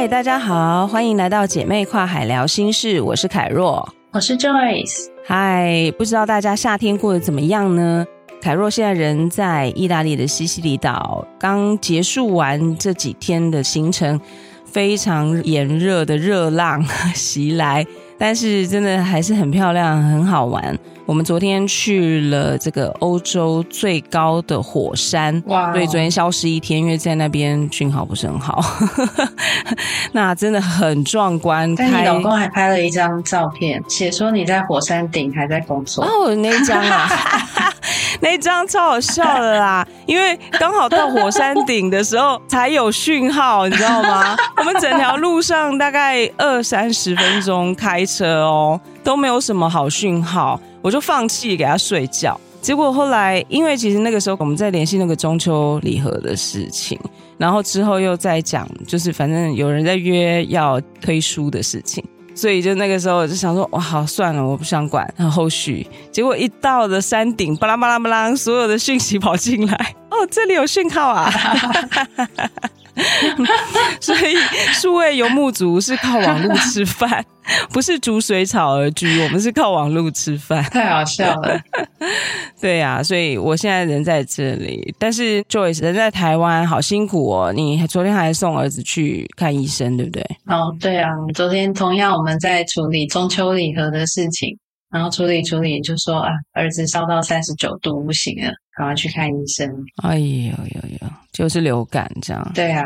嗨，大家好，歡迎來到姐妹跨海聊心事。我是凱若，我是 Joyce。嗨，不知道大家夏天過得怎麼樣呢？凱若現在人在意大利的西西里島，剛結束完這幾天的行程，非常炎熱的熱浪襲來。但是真的還是很漂亮，很好玩。我們昨天去了這個歐洲最高的火山，哇。對，昨天消失一天，因為在那邊訊號不是很好。 那真的很壯觀。但你老公還拍了一張照片，寫說你在火山頂還在工作。哦，那張啊。 那張超好笑的啦，因為剛好到火山頂的時候才有訊號，你知道嗎？我們整條路上大概二三十分鐘開車哦，都沒有什麼好訊號，我就放棄給他睡覺。結果後來，因為其實那個時候我們在聯繫那個中秋禮盒的事情，然後之後又在講，就是反正有人在約要推書的事情。所以就那個時候，我就想說，哇，好，算了，我不想管然後續。結果一到了山頂，巴拉巴拉巴拉，所有的訊息跑進來，哦，這裡有訊號啊！ 所以，數位游牧族是靠網路吃飯，不是逐水草而居。我們是靠網路吃飯， 太好笑了。對呀、啊，所以我現在人在這裡，但是 Joyce 人在台灣，好辛苦哦。你昨天還送兒子去看醫生，對不對？哦，對啊，昨天同樣我們在處理中秋禮盒的事情，然後處理處理，就說啊，兒子燒到三十九度，不行啊。然後去看醫生！哎呦呦呦，就是流感這樣。對啊，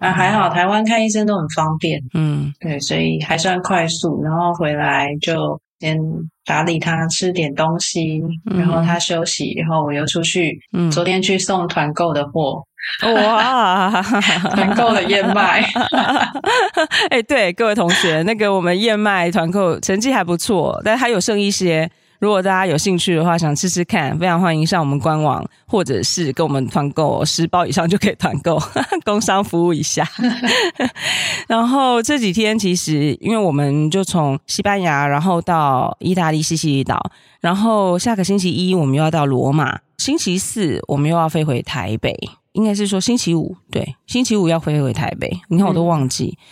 啊，啊還好台灣看醫生都很方便。嗯，對，所以還算快速。然後回來就先打理他，吃點東西，嗯，然後他休息。然後我又出去，嗯、昨天去送團購的貨。哇，團 購的燕麥。哎、 欸，對，各位同學， 那個我們燕麥團購成績還不錯，但是還有剩一些。如果大家有興趣的話，想試試看，非常歡迎上我們官網，或者是跟我們團購十包以上就可以團購，工商服務一下。 然後這幾天其實，因為我們就從西班牙，然後到意大利西西里島，然後下個星期一我們又要到羅馬，星期四我們又要飛回台北，應該是說星期五，對，星期五要飛回台北，你看我都忘記。嗯。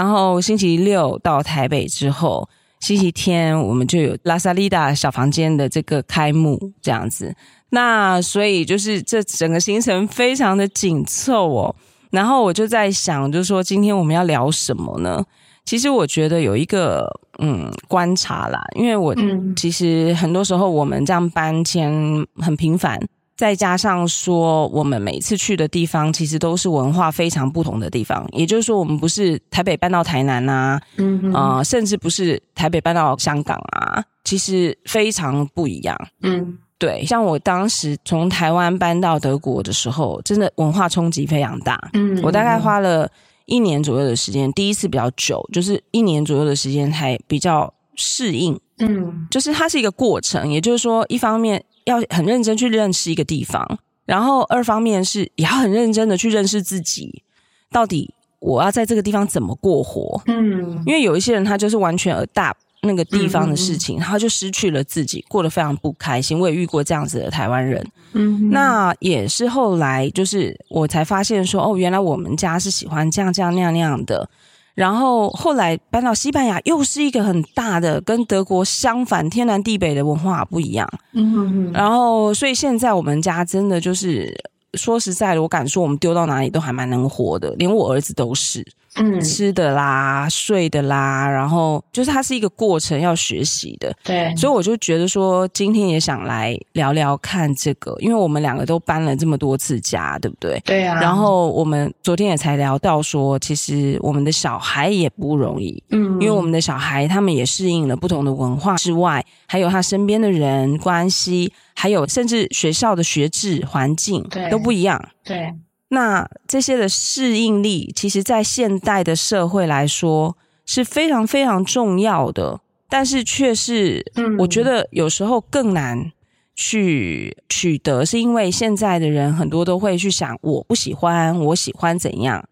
然後星期六到台北之後，星期天我們就有拉薩麗達小房間的這個開幕，這樣子。那所以就是這整個行程非常的緊湊哦。然後我就在想，就是說今天我們要聊什麼呢？其實我覺得有一個嗯觀察啦，因為我、嗯、其實很多時候我們這樣搬遷很頻繁。再加上說，我們每次去的地方其實都是文化非常不同的地方。也就是說，我們不是台北搬到台南吶、啊，嗯、mm、啊 -hmm. 呃，甚至不是台北搬到香港啊，其實非常不一樣。嗯、mm-hmm.，對。像我當時從台灣搬到德國的時候，真的文化衝擊非常大。嗯、mm-hmm.，我大概花了一年左右的時間，第一次比較久，就是一年左右的時間才比較適應。嗯、mm-hmm.，就是它是一個過程。也就是說，一方面。要很認真去認識一個地方，然後二方面是也要很認真的去認識自己，到底我要在這個地方怎麼過活？嗯，因為有一些人他就是完全 adopt 那個地方的事情、嗯，他就失去了自己，過得非常不開心。我也遇過這樣子的台灣人，嗯哼，那也是後來就是我才發現說，哦，原來我們家是喜歡這樣這樣那樣那樣的。然後後來搬到西班牙，又是一個很大的，跟德國相反、天南地北的文化不一樣。嗯、哼哼，然後所以現在我們家真的就是說實在的，我敢說我們丟到哪裡都還蠻能活的，連我兒子都是。嗯，吃的啦，睡的啦，然後就是它是一個過程，要學習的。對，所以我就覺得說，今天也想來聊聊看這個，因為我們兩個都搬了這麼多次家，對不對？對啊。然後我們昨天也才聊到說，其實我們的小孩也不容易，嗯，因為我們的小孩他們也適應了不同的文化之外，還有他身邊的人關係，還有甚至學校的學制，環境，對，都不一樣，對。那這些的適應力，其實，在現代的社會來說是非常非常重要的，但是卻是，我覺得有時候更難去取得，嗯，是因為現在的人很多都會去想，我不喜歡，我喜歡怎樣？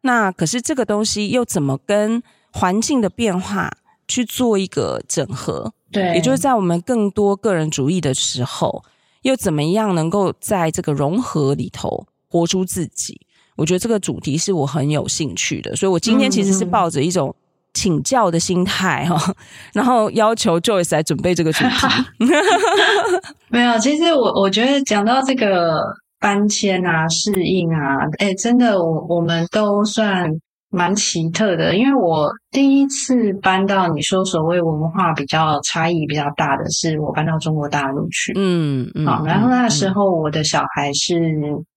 那可是這個東西又怎麼跟環境的變化去做一個整合？對，也就是在我們更多個人主義的時候，又怎麼樣能夠在這個融合裡頭，活出自己，我覺得這個主題是我很有興趣的，所以我今天其實是抱着一種請教的心態哈、哦嗯嗯，然後要求 Joyce 來準備這個主題。 沒有，其實我我覺得講到這個搬遷啊、適應啊，誒真的我我們都算。蠻奇特的，因為我第一次搬到你說所謂文化比較差異比較大的，是我搬到中國大陸去，嗯嗯，然後那時候我的小孩是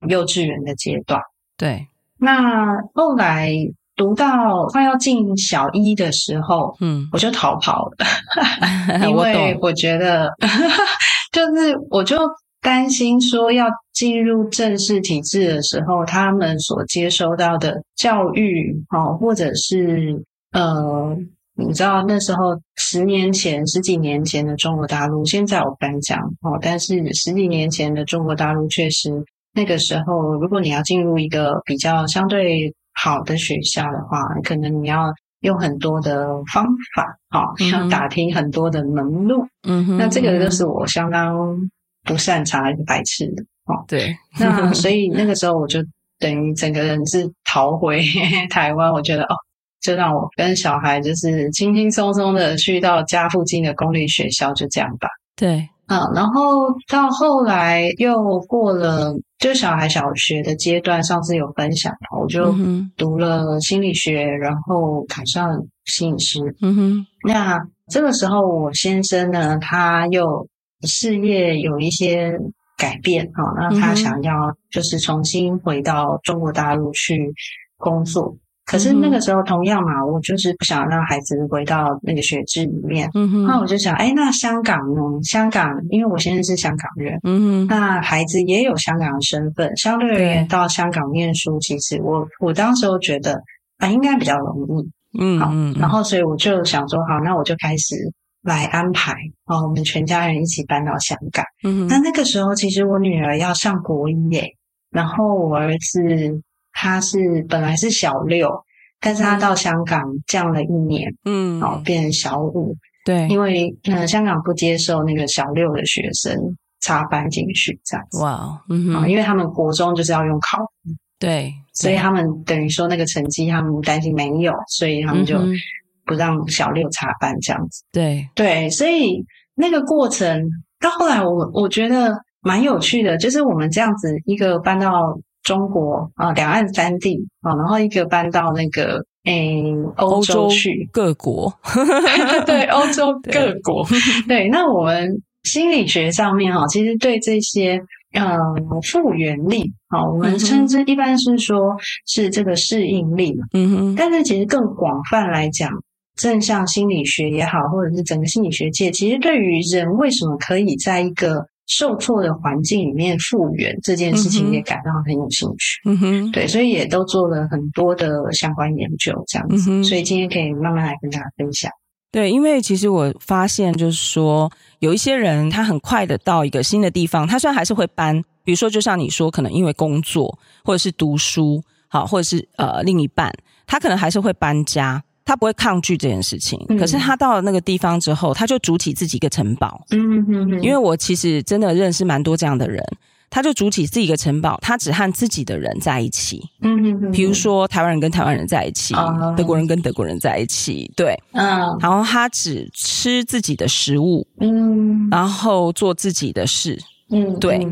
幼稚園的階段，對，那後來讀到快要進小一的時候，嗯，我就逃跑了， 因為我覺得，就是我就。擔心說要進入正式體制的時候，他們所接收到的教育，或者是呃，你知道那時候十年前、十幾年前的中國大陸，現在我不敢講，但是十幾年前的中國大陸確實，那個時候如果你要進入一個比較相對好的學校的話，可能你要用很多的方法，嗯哼、要打聽很多的門路，嗯哼、那這個就是我相當。不擅長還是白痴的哦？對， 那所以那個時候我就等於整個人是逃回台灣，我覺得哦，就讓我跟小孩就是輕輕鬆鬆的去到家附近的公立學校，就這樣吧。對，啊、嗯，然後到後來又過了，就小孩小學的階段，上次有分享，我就讀了心理學，嗯、然後考上心理師。嗯哼，那這個時候我先生呢，他又。事業有一些改變啊、哦，那他想要就是重新回到中國大陸去工作、嗯。可是那個時候同樣嘛，我就是不想讓孩子回到那個學制裡面。那、嗯、我就想，哎、欸，那香港呢？香港，因為我現在是香港人、嗯，那孩子也有香港的身份，相對而言到香港念書，其實我我當時我覺得啊，應該比較容易。嗯嗯，嗯好，然後所以我就想說，好，那我就開始。來安排哦，我們全家人一起搬到香港。嗯，那那個時候其實我女兒要上國一耶，欸，然後我兒子他是本來是小六，但是他到香港降了一年，嗯，哦，變成小五。對，因為、呃、香港不接受那個小六的學生插班進去，這樣子哇哦，wow 嗯，因為他們國中就是要用考，對，所以他們等於說那個成績他們擔心沒有，所以他們就。嗯讓小六插班這樣子，對對，所以那個過程到後來我，我我覺得蠻有趣的，就是我們這樣子一個搬到中國啊，兩岸三地啊，然後一個搬到那個誒歐洲去，各國， 對歐洲各國，對。那我們心理學上面哈，其實對這些嗯復原力啊，我們稱之一般是說是這個適應力嗯哼，但是其實更廣泛來講。正向心理學也好，或者是整個心理學界，其實對於人為什麼可以在一個受挫的環境裡面復原這件事情，也感到很有興趣。嗯哼，對，所以也都做了很多的相關研究，這樣子。Mm-hmm. 所以今天可以慢慢來跟大家分享。對，因為其實我發現，就是說有一些人，他很快的到一個新的地方，他雖然還是會搬，比如說就像你說，可能因為工作或者是讀書，好，或者是呃另一半，他可能還是會搬家。他不會抗拒這件事情，嗯、可是他到了那個地方之後，他就築起自己一個城堡。嗯嗯嗯。因為我其實真的認識蠻多這樣的人，他就築起自己一個城堡，他只和自己的人在一起。嗯嗯嗯。比如說台灣人跟台灣人在一起，嗯哼哼，德國人跟德國人在一起，對。嗯。然後他只吃自己的食物。嗯。然後做自己的事。嗯哼哼。對。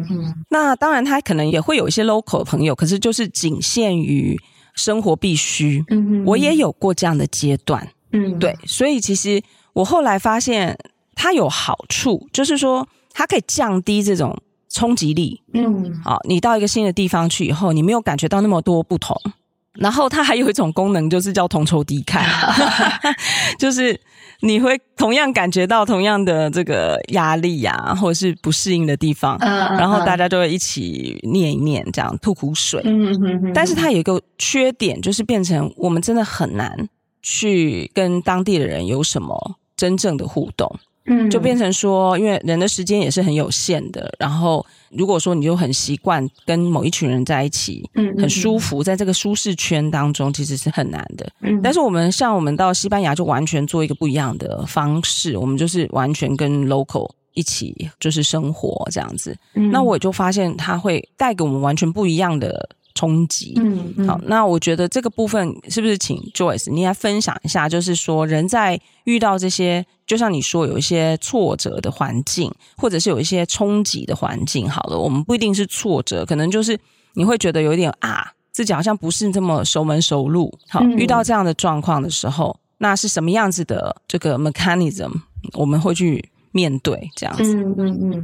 那當然，他可能也會有一些 local 的朋友，可是就是僅限於。生活必須，我也有過這樣的階段嗯嗯，對，所以其實我後來發現它有好處，就是說它可以降低這種衝擊力，嗯哦，你到一個新的地方去以後，你沒有感覺到那麼多不同，然後它還有一種功能，就是叫同仇敵愾， 就是。你會同樣感覺到同樣的這個壓力呀、啊，或者是不適應的地方，Uh-huh. 然後大家就會一起念一念，這樣吐苦水。Uh-huh. 但是它有一個缺點，就是變成我們真的很難去跟當地的人有什麼真正的互動。嗯，就變成說，因為人的時間也是很有限的。然後，如果說你就很習慣跟某一群人在一起，嗯，很舒服，在這個舒適圈當中，其實是很難的。嗯，但是我們像我們到西班牙，就完全做一個不一樣的方式，我們就是完全跟 local 一起，就是生活這樣子。嗯，那我也就發現，它會帶給我們完全不一樣的。衝擊、嗯、嗯，好，那我覺得這個部分是不是請 Joyce 你來分享一下？就是說，人在遇到這些，就像你說有一些挫折的環境，或者是有一些衝擊的環境，好了，我們不一定是挫折，可能就是你會覺得有一點啊，自己好像不是這麼熟門熟路。好、嗯，遇到這樣的狀況的時候，那是什麼樣子的這個 mechanism 我們會去面對？這樣子，嗯嗯嗯，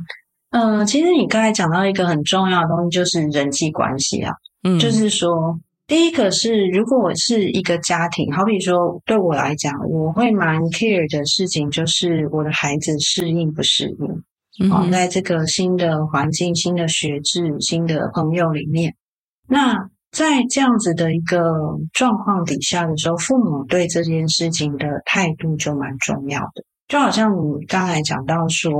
嗯、呃，其實你剛才講到一個很重要的東西，就是人際關係啊。就是說，第一個是，如果我是一個家庭，好比說對我來講，我會蠻 care 的事情，就是我的孩子適應不適應。嗯，哦，在這個新的環境、新的學制、新的朋友裡面。那在這樣子的一個狀況底下的時候，父母對這件事情的態度就蠻重要的。就好像你剛才講到說，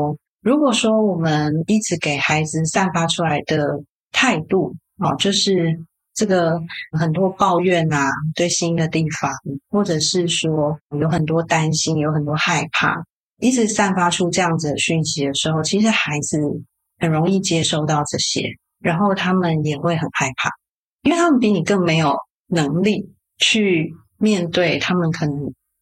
如果說我們一直給孩子散發出來的態度。哦，就是這個很多抱怨啊，對新的地方，或者是說有很多擔心，有很多害怕，一直散發出這樣子的訊息的時候，其實孩子很容易接收到這些，然後他們也會很害怕，因為他們比你更沒有能力去面對他們可能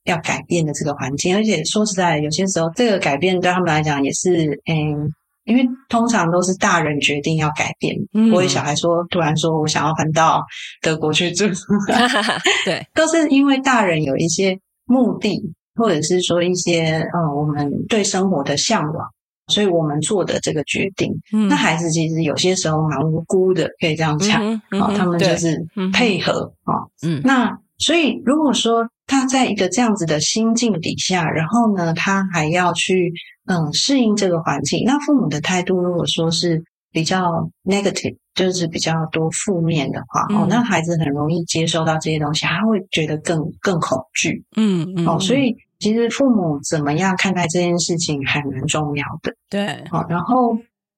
要改變的這個環境，而且說實在，有些時候這個改變對他們來講也是，嗯。因為通常都是大人決定要改變，嗯不會小孩說突然說我想要搬到德國去住。哈哈哈，對，都是因為大人有一些目的，或者是說一些呃、嗯、我們對生活的嚮往，所以我們做的這個決定。嗯，那孩子其實有些時候蠻無辜的，可以這樣講啊、嗯嗯哦，他們就是配合啊。嗯、哦，那。所以，如果說他在一個這樣子的心境底下，然後呢，他還要去嗯適應這個環境，那父母的態度如果說是比較 negative，就是比較多負面的話，嗯，哦，那孩子很容易接收到這些東西，他會覺得更更恐懼。嗯嗯。哦，所以其實父母怎麼樣看待這件事情還蠻重要的。對。好，哦，然後。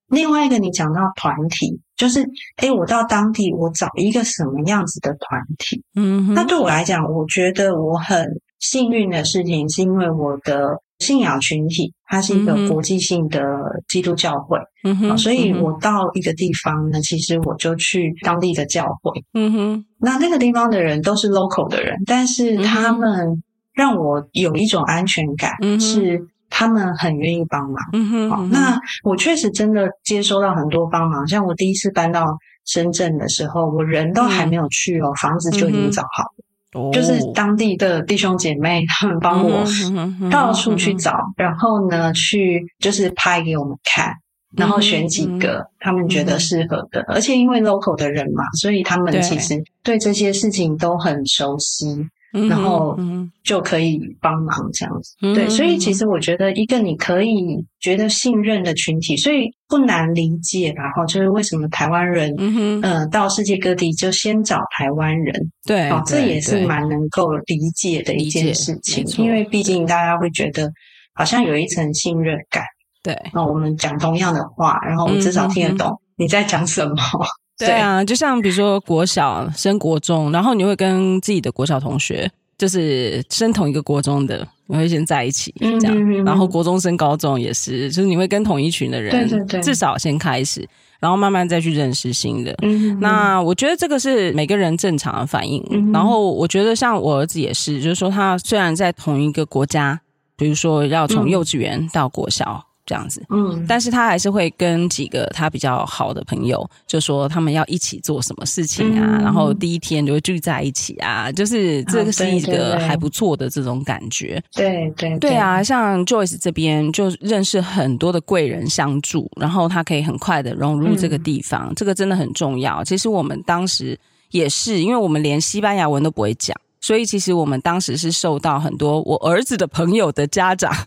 另外一個，你講到團體，就是，哎、欸，我到當地，我找一個什麼樣子的團體？嗯，那對我來講，我覺得我很幸運的事情，是因為我的信仰群體它是一個國際性的基督教會，嗯哼、啊，所以我到一個地方呢，其實我就去當地的教會，嗯哼，那那個地方的人都是 local 的人，但是他們讓我有一種安全感，嗯、是。他們很願意幫忙嗯哼嗯哼、哦。那我確實真的接收到很多幫忙、嗯。像我第一次搬到深圳的時候，我人都還沒有去哦，嗯、房子就已經找好了、嗯。就是當地的弟兄姐妹他們幫我到處去找，嗯哼嗯哼然後呢去就是拍給我們看，然後選幾個、嗯嗯、他們覺得適合的。而且因為 local 的人嘛，所以他們其實對這些事情都很熟悉。然後就可以幫忙這樣子，嗯、對、嗯，所以其實我覺得一個你可以覺得信任的群體，所以不難理解吧。然後就是為什麼台灣人，嗯嗯、呃，到世界各地就先找台灣人，對，哦，這也是蠻能夠理解的一件事情，因為畢竟大家會覺得好像有一層信任感。對，那、哦、我們講同樣的話，然後我們至少聽得懂你在講什麼。嗯對啊，就像比如說，國小升國中，然後你會跟自己的國小同學，就是升同一個國中的，你會先在一起這樣嗯嗯，然後國中升高中也是，就是你會跟同一群的人，對對對，至少先開始，然後慢慢再去認識新的。嗯、那我覺得這個是每個人正常的反應、嗯。然後我覺得像我兒子也是，就是說他雖然在同一個國家，比如說要從幼稚園到國小。嗯這樣子，嗯，但是他還是會跟幾個他比較好的朋友，就說他們要一起做什麼事情啊，嗯、然後第一天就會聚在一起啊，就是這個是一個還不錯的、嗯嗯嗯、的這種感覺，對對對，對，對啊，像 Joyce 這邊就認識很多的貴人相助，然後他可以很快的融入這個地方、嗯，這個真的很重要。其實我們當時也是，因為我們連西班牙文都不會講，所以其實我們當時是受到很多我兒子的朋友的家長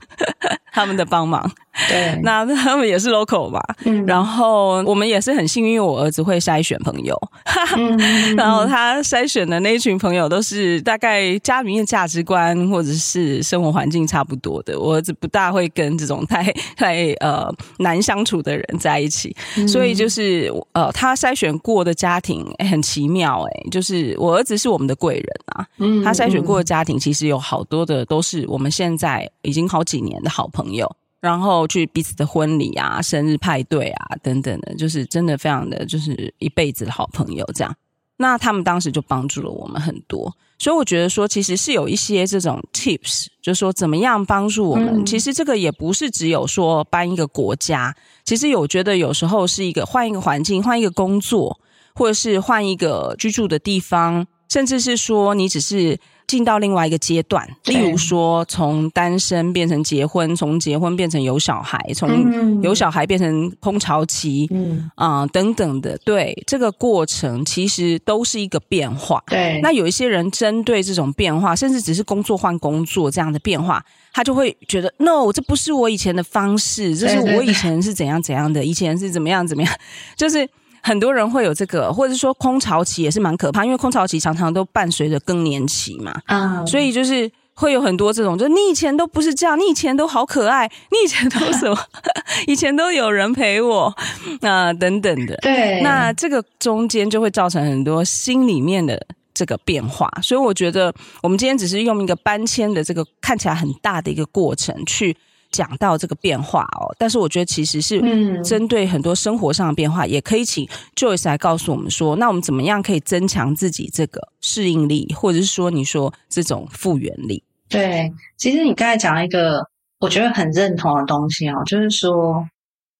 他們的幫忙。對，那他們也是 local 嘛。嗯、然後我們也是很幸運，我兒子會篩選朋友，哈、嗯、哈。 然後他篩選的那群朋友都是大概家裡面價值觀或者是生活環境差不多的。我兒子不大會跟這種太太呃難相處的人在一起，嗯、所以就是呃他篩選過的家庭、欸、很奇妙誒、欸，就是我兒子是我們的貴人啊、嗯。他篩選過的家庭其實有好多的都是我們現在已經好幾年的好朋友。然後去彼此的婚禮啊、生日派對啊等等的，就是真的非常的，就是一輩子的好朋友這樣。那他們當時就幫助了我們很多，所以我覺得說，其實是有一些這種 tips，就是說怎麼樣幫助我們。嗯。其實這個也不是只有說搬一個國家，其實我覺得有時候是一個換一個環境、換一個工作，或者是換一個居住的地方，甚至是說你只是。進到另外一個階段，例如說從單身變成結婚，從結婚變成有小孩，從有小孩變成空巢期，啊、嗯呃、等等的，對這個過程其實都是一個變化。對，那有一些人針對這種變化，甚至只是工作換工作這樣的變化，他就會覺得，No，這不是我以前的方式，就是我以前是怎樣怎樣的，對對對，以前是怎麼樣怎麼樣，就是。很多人會有這個，或者說空巢期也是蠻可怕，因為空巢期常常都伴隨着更年期嘛，啊、oh.，所以就是會有很多這種，就你以前都不是這樣，你以前都好可愛，你以前都什麼， 以前都有人陪我，那、呃、等等的，對，那這個中間就會造成很多心裡面的這個變化，所以我覺得我們今天只是用一個搬遷的這個看起來很大的一個過程去。講到這個變化哦，但是我覺得其實是針對很多生活上的變化，嗯、也可以請 j o y e 來告訴我們說，那我們怎麼樣可以增強自己這個適應力，或者是說你說這種復原力？對，其實你剛才講了一個我覺得很認同的東西哦，就是說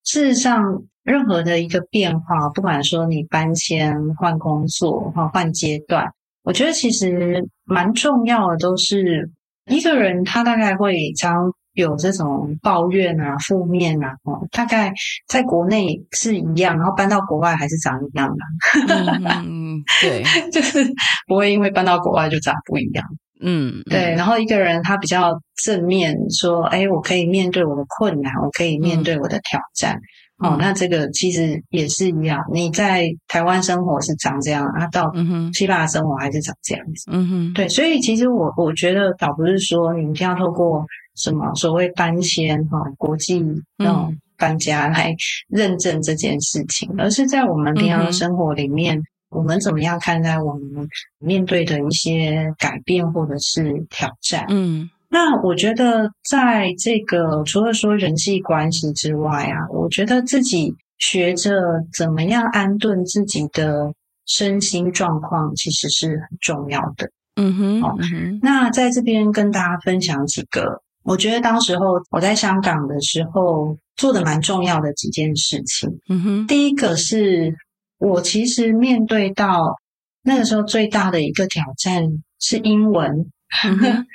事實上任何的一個變化，不管說你搬遷、換工作或換階段，我覺得其實蠻重要的，都是一個人他大概會將。有這種抱怨啊，負面啊，哦，大概在國內是一樣，然後搬到國外還是長一樣的、啊， mm-hmm, 對，就是不會因為搬到國外就長不一樣。嗯、mm-hmm.，對。然後一個人他比較正面，說：“誒、欸、我可以面對我的困難，我可以面對我的挑戰。”哦 Mm-hmm. 嗯，那這個其實也是一樣。你在台灣生活是長這樣，啊，到希臘生活還是長這樣子。嗯哼，對。所以其實我我覺得倒不是說你一定要透過。什麼所謂搬遷哈，國際那種搬家來認證這件事情，嗯、而是在我們平常生活裡面，嗯，我們怎麼樣看待我們面對的一些改變或者是挑戰？嗯，那我覺得在這個除了說人際關係之外啊，我覺得自己學着怎麼樣安頓自己的身心狀況，其實是很重要的。嗯、哦。嗯哼，那在這邊跟大家分享幾個。我覺得當時候我在香港的時候做的蠻重要的幾件事情。嗯哼，第一個是我其實面對到那個時候最大的一個挑戰是英文。嗯哼，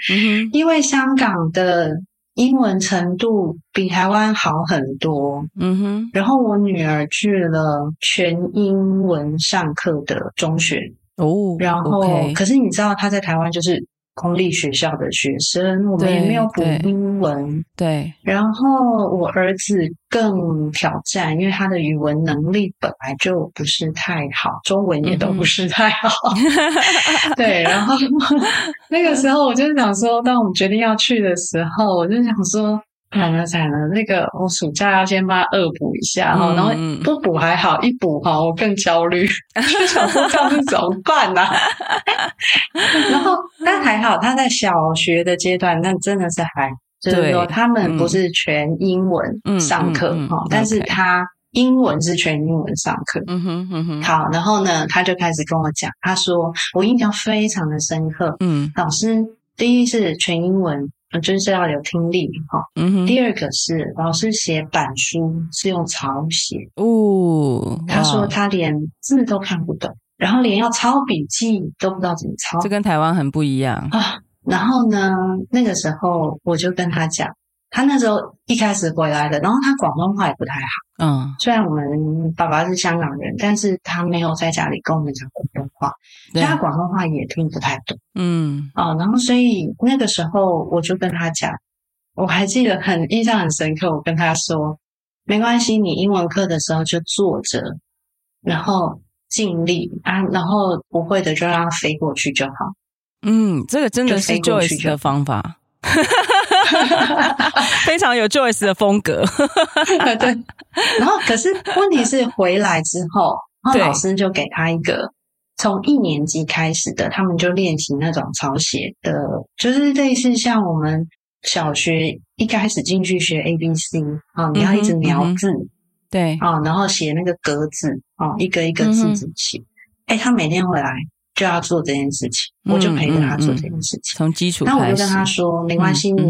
因為香港的英文程度比台灣好很多。嗯哼，然後我女兒去了全英文上課的中學哦，然後，okay，可是你知道她在台灣就是。公立學校的學生，我們也沒有補英文，對對。對，然後我兒子更挑戰，因為他的語文能力本來就不是太好，中文也都不是太好。嗯、 對，然後那個時候我就想說，當 我們決定要去的時候，我就想說。慘了慘了，那個我暑假要先幫他惡補一下哈、嗯，然後不補還好，一補哈我更焦慮，到底怎麼辦呢？ 然後但還好他在小學的階段，那真的是還對就是說他們不是全英文上課哈、嗯，但是他英文是全英文上課。嗯嗯嗯上課嗯嗯嗯、好，然後呢他就開始跟我講，他說我印象非常的深刻，嗯，老師第一是全英文。就是要有聽力哈，哦嗯。第二個是老師寫板書是用草寫哦，他說他連字都看不懂，哦，然後連要抄筆記都不知道怎麼抄。這跟台灣很不一樣啊。然後呢，那個時候我就跟他講。他那時候一開始回來的，然後他廣東話也不太好。嗯，雖然我們爸爸是香港人，但是他沒有在家裡跟我們講廣東話，對。所以他廣東話也聽不太懂。嗯，啊、哦，然後所以那個時候我就跟他講，我還記得很印象很深刻，我跟他說，沒關係，你英文課的時候就坐着，然後盡力啊，然後不會的就讓他飛過去就好。嗯，這個真的是 Joyce 的方法。 非常有 Joyce 的風格 對。然後，可是問題是回來之後，然後老師就給他一個從一年級開始的，他們就練習那種抄寫的，就是類似像我們小學一開始進去學 ABC，啊，你要一直描字，對，啊，然後寫那個格子，啊，一個一個字字寫。哎，他每天回來。就要做這件事情，嗯、我就陪着他做這件事情。從、嗯嗯、基礎開始，那我就跟他說，嗯、沒關係、嗯，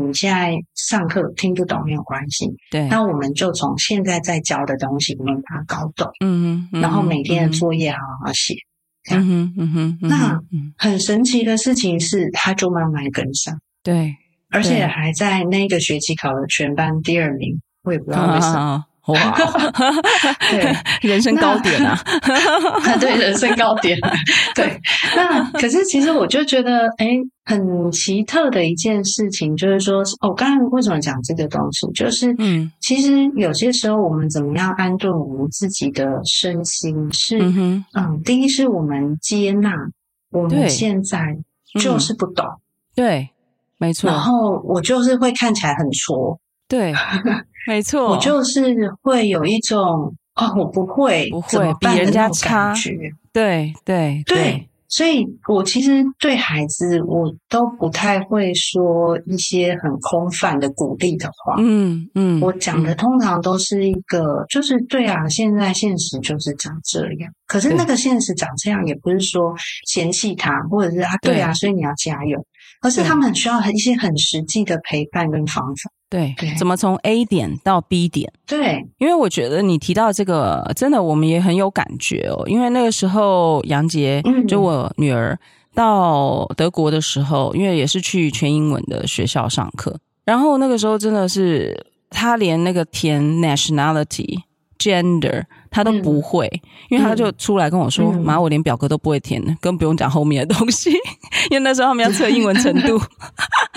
你你現在上課聽不懂沒有關係。對，那我們就從現在在教的東西，把它搞懂。嗯嗯。然後每天的作業好好寫。嗯這樣嗯嗯，嗯，嗯，那很神奇的事情是，他就慢慢跟上。對，而且還在那個學期考了全班第二名，我也不知道為什麼。哇、wow！ 對人生高點啊！ 對人生高點。 對，那可是其實我就覺得，哎、欸，很奇特的一件事情，就是說，我、哦、剛才為什麼講這個東西，就是，嗯，其實有些時候我們怎麼樣安頓我們自己的身心是，嗯，嗯，第一是我們接納我們現在就是不懂，對，嗯、對沒錯。然後我就是會看起來很挫，對。 沒錯，我就是會有一種啊、哦，我不會怎麼辦，不會辦人家感覺。對對對，對，所以我其實對孩子，我都不太會說一些很空泛的鼓勵的話。嗯嗯，我講的通常都是一個，就是對啊、嗯，現在現實就是長這樣。可是那個現實長這樣，也不是說嫌棄他，或者是啊，對啊，所以你要加油。而是他們很需要一些很實際的陪伴跟方法。對，怎麼從 A 點到 B 點？對，因為我覺得你提到這個，真的我們也很有感覺哦。因為那個時候楊潔，楊傑就我女兒、嗯、到德國的時候，因為也是去全英文的學校上課，然後那個時候真的是她連那個填 nationality、gender。他都不會、嗯，因為他就出來跟我說：“媽、嗯，我連表格都不會填，更、嗯、不用講後面的東西。”因為那時候他們要測英文程度，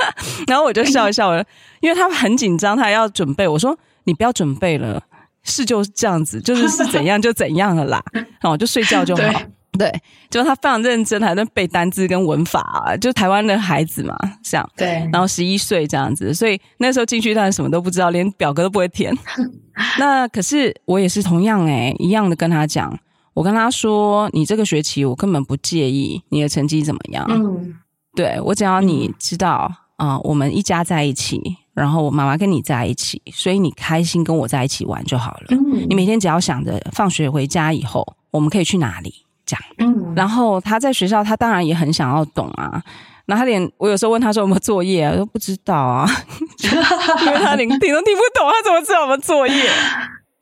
然後我就笑一笑，我說：“因為他們很緊張，他還要準備。”我說：“你不要準備了，是就是這樣子，就是是怎樣就怎樣了啦。 ”然後我就睡覺就好。對，對就他非常認真，還在背單字跟文法，就台灣的孩子嘛，這樣。對。然後十一歲這樣子，所以那時候進去，他什麼都不知道，連表格都不會填。那可是我也是同樣誒、欸，一樣的跟他講，我跟他說，你這個學期我根本不介意你的成績怎麼樣，嗯，對，我只要你知道啊、嗯呃，我們一家在一起，然後我媽媽跟你在一起，所以你開心跟我在一起玩就好了，嗯，你每天只要想着放學回家以後我們可以去哪裡，這樣，嗯，然後他在學校他當然也很想要懂啊。然後他連我有時候問他說有沒有作業啊，我都不知道啊，因為他連聽都聽不懂，他怎麼知道我們作業？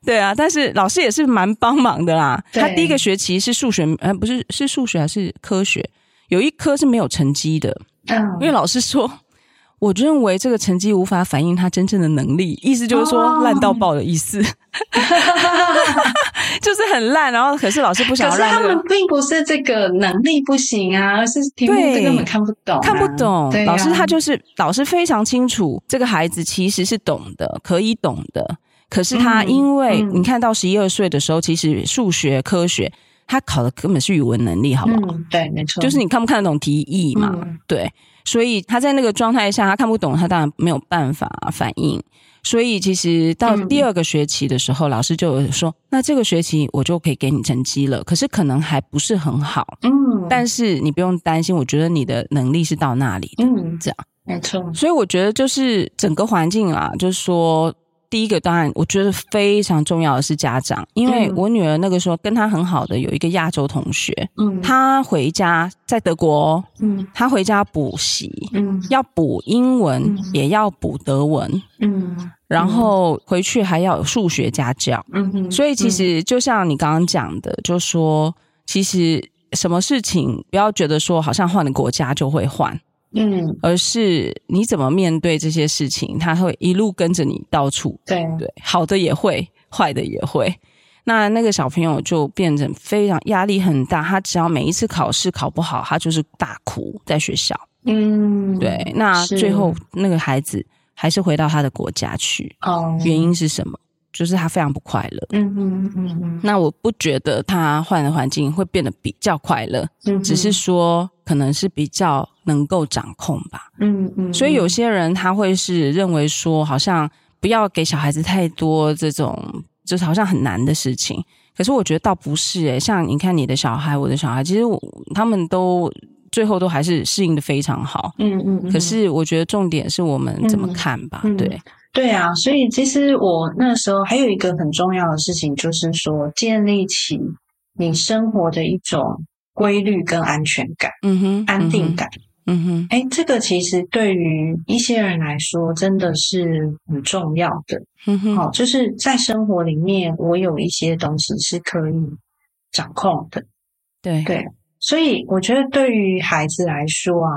對啊，但是老師也是蠻幫忙的啦。他第一個學期是數學，呃，不是，是數學還是科學，有一科是沒有成績的，嗯、因為老師說。我認為這個成績無法反映他真正的能力，意思就是說爛到爆的意思，哦、 就是很爛。然後可是老師不想讓，可是他們並不是這個能力不行啊，而是題目根本看，啊、看不懂，看不懂。老師他就是老師非常清楚，這個孩子其實是懂的，可以懂的。可是他因為你看到十一二歲的時候，嗯、其實數學、科學他考的根本是語文能力，好不好？嗯、對，沒錯，就是你看不看得懂題意嘛？對。所以他在那個狀態下，他看不懂，他當然沒有辦法、啊、反應。所以其實到第二個學期的時候，嗯、老師就有說：“那這個學期我就可以給你成績了，可是可能還不是很好。嗯，但是你不用擔心，我覺得你的能力是到那裡的。嗯、這樣。沒錯。所以我覺得就是整個環境啊，就是說。”第一個，當然我覺得非常重要的是家長，因為我女兒那個時候跟她很好的有一個亞洲同學，她、嗯、回家在德國，她、嗯、回家補習、嗯，要補英文，嗯、也要補德文、嗯，然後回去還要有數學家教、嗯，所以其實就像你剛剛講的，就說其實什麼事情不要覺得說好像換個國家就會換。嗯，而是你怎麼面對這些事情，他會一路跟着你到處，對對，好的也會，壞的也會。那那個小朋友就變成非常壓力很大，他只要每一次考試考不好，他就是大哭在學校。嗯，對。那最後那個孩子還是回到他的國家去，哦，原因是什麼？就是他非常不快樂。嗯嗯嗯嗯。那我不覺得他換的環境會變得比較快樂，嗯，只是說可能是比較。能夠掌控吧，嗯嗯，所以有些人他會是認為說，好像不要給小孩子太多這種，就是好像很難的事情。可是我覺得倒不是，欸，像你看你的小孩，我的小孩，其實他們都最後都還是適應的非常好，嗯嗯，嗯，可是我覺得重點是我們怎麼看吧，嗯、對、嗯、對啊。所以其實我那個時候還有一個很重要的事情，就是說建立起你生活的一種規律跟安全感，嗯哼，嗯哼，安定感。嗯哼，哎、欸，這個其實對於一些人來說真的是很重要的。嗯哼，哦，就是在生活裡面，我有一些東西是可以掌控的。對對，所以我覺得對於孩子來說啊，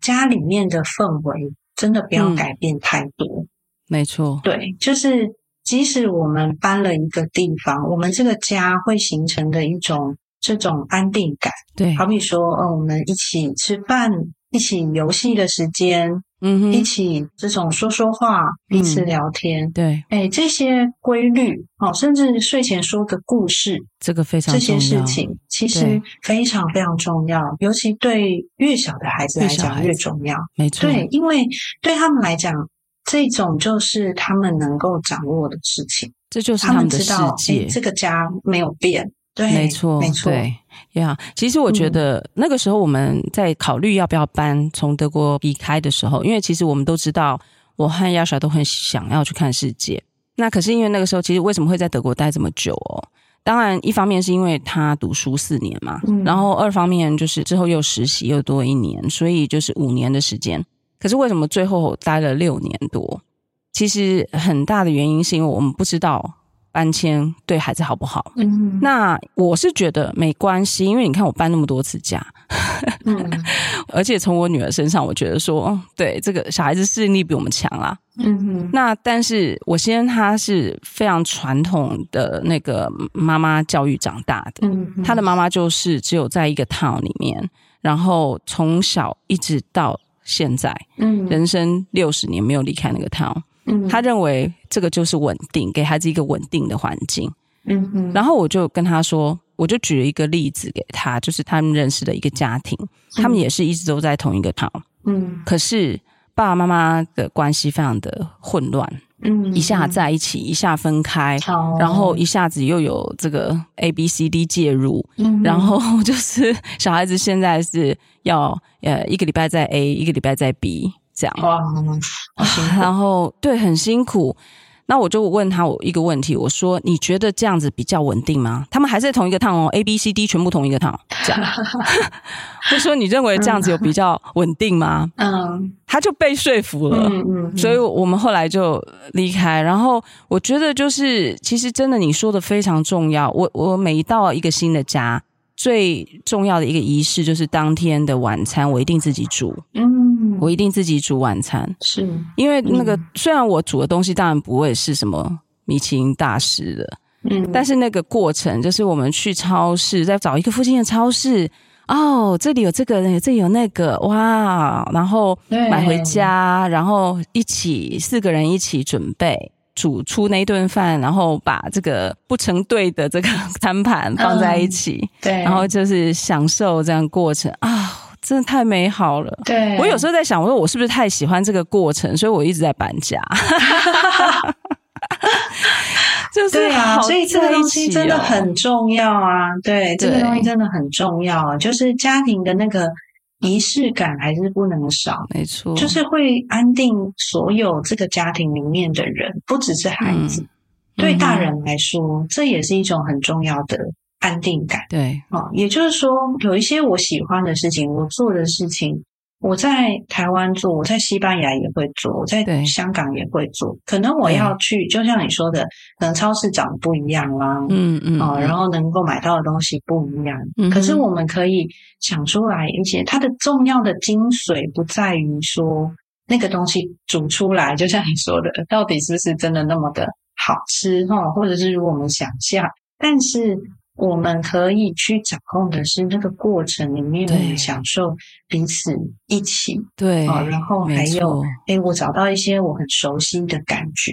家裡面的氛圍真的不要改變太多。嗯，沒錯，對，就是即使我們搬了一個地方，我們這個家會形成的一種這種安定感。對，好比說哦、嗯，我們一起吃飯。一起遊戲的時間，嗯哼，一起這種說說話，嗯、彼此聊天，對，哎、欸，這些規律，哦，甚至睡前說的故事，這個非常這些事情其實非常非常重要，尤其對越小的孩子來講越重要，沒錯，對，因為對他們來講，這種就是他們能夠掌握的事情，這就是我們的世界，他們知道，欸，這個家沒有變，對，沒錯，沒錯。對對啊，其實我覺得、嗯、那個時候我們在考慮要不要搬從德國離開的時候，因為其實我們都知道，我和亞莎都很想要去看世界。那可是因為那個時候，其實為什麼會在德國待這麼久哦？當然，一方面是因為他讀書四年嘛、嗯，然後二方面就是之後又實習又多一年，所以就是五年的時間。可是為什麼最後待了六年多？其實很大的原因是因為我們不知道。搬遷對孩子好不好、嗯？那我是覺得沒關係，因為你看我搬那麼多次家、 嗯，而且從我女兒身上，我覺得說，對這個小孩子適應力比我們強啊。嗯嗯。那但是我先生他是非常傳統的那個媽媽教育長大的，他、嗯、的媽媽就是只有在一個 town 裡面，然後從小一直到現在，嗯，人生六十年沒有離開那個 town。他認為這個就是穩定，給孩子一個穩定的環境。嗯嗯，然後我就跟他說，我就舉了一個例子給他，就是他們認識的一個家庭，他們也是一直都在同一個 town。嗯。可是爸爸媽媽的關係非常的混亂。嗯。一下在一起，一下分開，好，然後一下子又有這個 A B C D 介入。嗯。然後就是小孩子現在是要呃一個禮拜在 A，一個禮拜在 B。這樣，Wow. 然後對，很辛苦。 那我就問他我一個問題，我說你覺得這樣子比較穩定嗎？他們還是同一個趟哦，A B C D 全部同一個趟，這樣。 我說你認為這樣子有比較穩定嗎？嗯， 他就被說服了。嗯嗯。所以我們後來就離開。然後我覺得就是，其實真的你說的非常重要。我我每到一個新的家。最重要的一個儀式就是當天的晚餐，我一定自己煮。嗯，我一定自己煮晚餐，是因為那個、嗯、雖然我煮的東西當然不會是什麼米其林大師的，嗯，但是那個過程就是我們去超市，再找一個附近的超市、嗯，哦，這裡有這個，這裡有那個，哇，然後買回家，然後一起四個人一起準備，煮出那頓飯，然後把這個不成對的這個餐盤放在一起、嗯，對，然後就是享受這樣過程啊，真的太美好了。對。我有時候在想，我說我是不是太喜歡這個過程，所以我一直在搬家。 就是、哦、對啊，所以這個東西真的很重要啊。對，對這個東西真的很重要、啊，就是家庭的那個。儀式感還是不能少，沒錯，就是會安定所有這個家庭裡面的人，不只是孩子，嗯，對大人來說，嗯，這也是一種很重要的安定感。對，好，也就是說，有一些我喜歡的事情，我做的事情。我在台灣做，我在西班牙也會做，我在香港也會做。可能我要去，就像你說的，可、嗯、能超市長不一樣啦、啊，嗯，嗯嗯，然後能夠買到的東西不一樣。嗯嗯，可是我們可以想出來一些，而且它的重要的精髓不在於說那個東西煮出來，就像你說的，到底是不是真的那麼的好吃哈？或者是如果我們想象，但是。我們可以去掌控的是那個過程裡面，享受彼此一起對，對、哦、然後還有哎，我找到一些我很熟悉的感覺。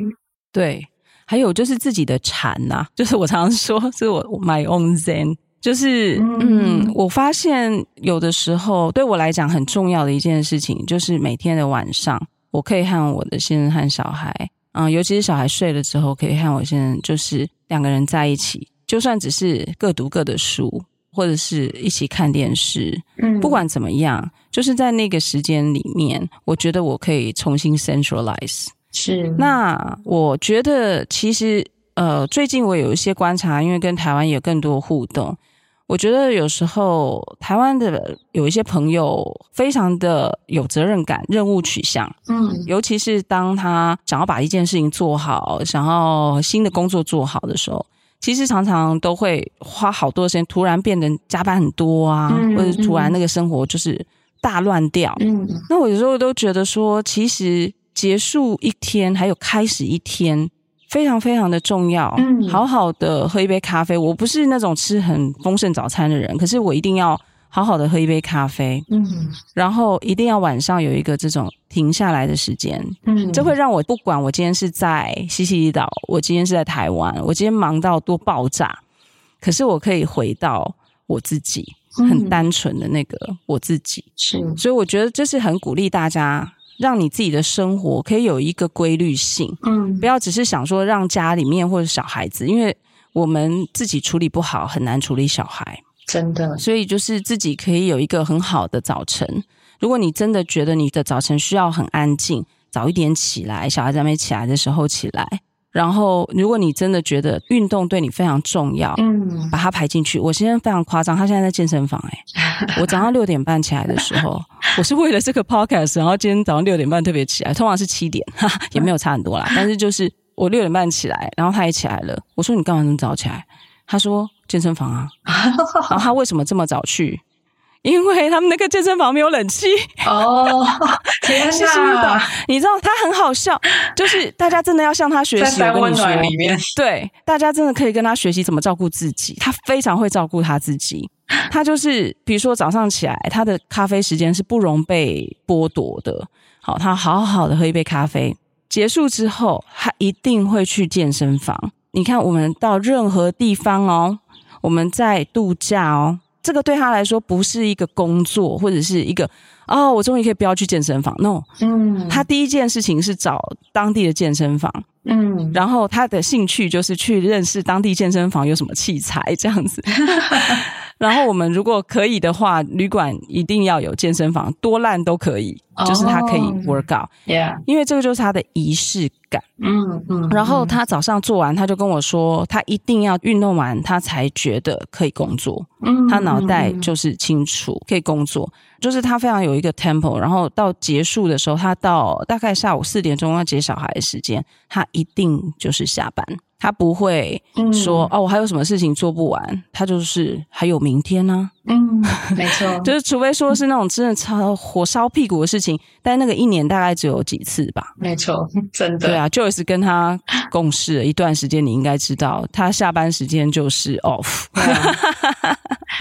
對，還有就是自己的禪吶、啊，就是我常常說是我 my own zen，就是嗯、嗯，我發現有的時候對我來講很重要的一件事情，就是每天的晚上，我可以和我的先生和小孩，嗯，尤其是小孩睡了之後，可以和我先生就是兩個人在一起。就算只是各讀各的書，或者是一起看電視，嗯，不管怎麼樣，就是在那個時間裡面，我覺得我可以重新 centralize。是，那我覺得其實呃，最近我有一些觀察，因為跟台灣有更多互動，我覺得有時候台灣的有一些朋友非常的有責任感、任務取向，嗯，尤其是當他想要把一件事情做好，想要新的工作做好的時候。其實常常都會花好多時間，突然變得加班很多啊，嗯嗯，或者突然那個生活就是大亂掉，嗯。那我有時候都覺得說，其實結束一天還有開始一天，非常非常的重要，嗯。好好的喝一杯咖啡，我不是那種吃很豐盛早餐的人，可是我一定要。好好的喝一杯咖啡，嗯，然後一定要晚上有一個這種停下來的時間，嗯，這會讓我不管我今天是在西西里島，我今天是在台灣，我今天忙到多爆炸，可是我可以回到我自己，很單純的那個我自己，是，嗯，所以我覺得這是很鼓勵大家，讓你自己的生活可以有一個規律性，嗯，不要只是想說讓家裡面或者小孩子，因為我們自己處理不好，很難處理小孩。真的，所以就是自己可以有一個很好的早晨。如果你真的覺得你的早晨需要很安靜，早一點起來，小孩在沒起來的時候起來。然後，如果你真的覺得運動對你非常重要，嗯，把它排進去。我現在非常誇張，他現在在健身房哎、欸。 我早上六點半起來的時候，我是為了這個 podcast，然後今天早上六點半特別起來，通常是七點，哈哈，也沒有差很多啦。 但是就是我六點半起來，然後他也起來了。我說你幹嘛那麼早起來？他說。健身房啊， 然後他為什麼這麼早去？因為他們那個健身房沒有冷氣。 哦，天哪！識識，你知道他很好笑，就是大家真的要向他學習，在溫暖裡面。對， 大家真的可以跟他學習怎麼照顧自己。他非常會照顧他自己。他就是，比如說早上起來，他的咖啡時間是不容被剝奪的。好、哦，他好好的喝一杯咖啡，結束之後，他一定會去健身房。你看，我們到任何地方哦。我們在度假哦，這個對他來說不是一個工作，或者是一個哦，我終於可以不要去健身房。No，嗯，他第一件事情是找當地的健身房，嗯，然後他的興趣就是去認識當地健身房有什麼器材，這樣子。 然後我們如果可以的話，旅館一定要有健身房，多爛都可以，就是他可以 work out，Oh, yeah. 因為這個就是他的儀式感。嗯嗯。然後他早上做完，他就跟我說，他一定要運動完，他才覺得可以工作。Mm-hmm. 他腦袋就是清楚，mm-hmm. 可以工作。就是他非常有一個 tempo，然後到結束的時候，他到大概下午四點鐘要接小孩的時間，他一定就是下班，他不會說哦、嗯啊，我還有什麼事情做不完，他就是還有明天呢、啊。嗯，沒錯， 就是除非說是那種真的超火燒屁股的事情、嗯，但那個一年大概只有幾次吧。沒錯，真的。對啊 Joyce 跟他共事了一段時間，你應該知道，他下班時間就是 off。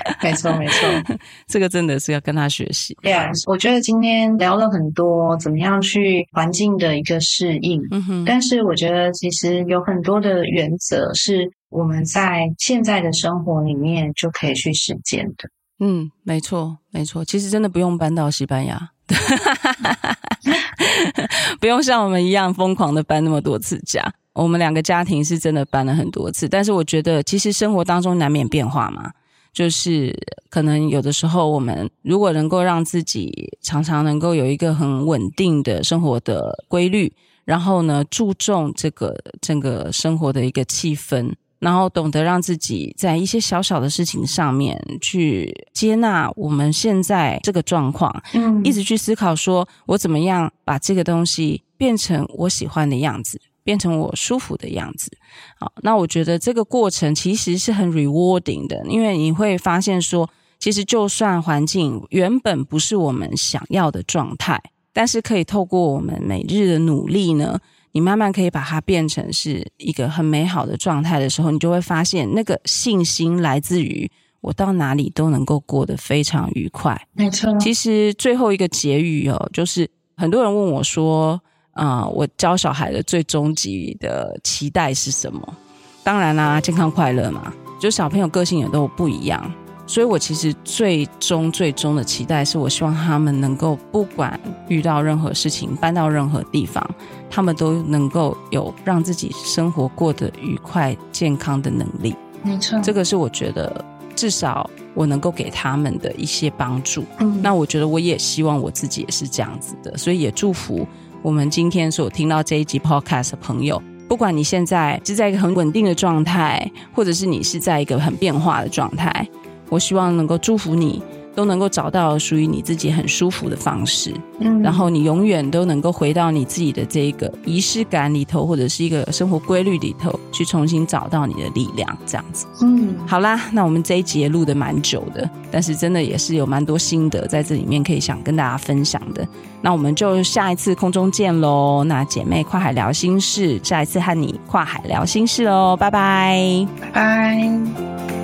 啊、沒錯沒錯，這個真的是要跟他學。對啊，我覺得今天聊了很多怎麼樣去環境的一個適應，嗯，但是我覺得其實有很多的原則是我們在現在的生活裡面就可以去實踐的。嗯，沒錯，沒錯，其實真的不用搬到西班牙， 不用像我們一樣瘋狂的搬那麼多次家。我們兩個家庭是真的搬了很多次，但是我覺得其實生活當中難免變化嘛。就是可能有的時候，我們如果能夠讓自己常常能夠有一個很穩定的生活的規律，然後呢，注重這個整、這個生活的一個氣氛，然後懂得讓自己在一些小小的事情上面去接納我們現在這個狀況，嗯，一直去思考說我怎麼樣把這個東西變成我喜歡的樣子。變成我舒服的樣子，好，那我覺得這個過程其實是很 rewarding 的，因為你會發現說，其實就算環境原本不是我們想要的狀態，但是可以透過我們每日的努力呢，你慢慢可以把它變成是一個很美好的狀態的時候，你就會發現那個信心來自於我到哪裡都能夠過得非常愉快。沒錯，其實最後一個結語哦，就是很多人問我說。啊、嗯，我教小孩的最終極的期待是什麼？當然啦、啊，健康快樂嘛。就小朋友個性也都不一樣，所以我其實最終最終的期待是，我希望他們能夠不管遇到任何事情，搬到任何地方，他們都能夠有讓自己生活過得愉快、健康的能力。沒錯，這個是我覺得至少我能夠給他們的一些幫助。嗯、那我覺得我也希望我自己也是這樣子的，所以也祝福。我們今天所聽到這一集 podcast 的朋友，不管你現在是在一個很穩定的狀態，或者是你是在一個很變化的狀態，我希望能夠祝福你。都能夠找到屬於你自己很舒服的方式，嗯，然後你永遠都能夠回到你自己的這個儀式感裡頭，或者是一個生活規律裡頭，去重新找到你的力量，這樣子，嗯，好啦，那我們這一集錄得蠻久的，但是真的也是有蠻多心得在這裡面可以想跟大家分享的，那我們就下一次空中見嘍，那姐妹跨海聊心事，下一次和你跨海聊心事嘍，拜拜，拜拜。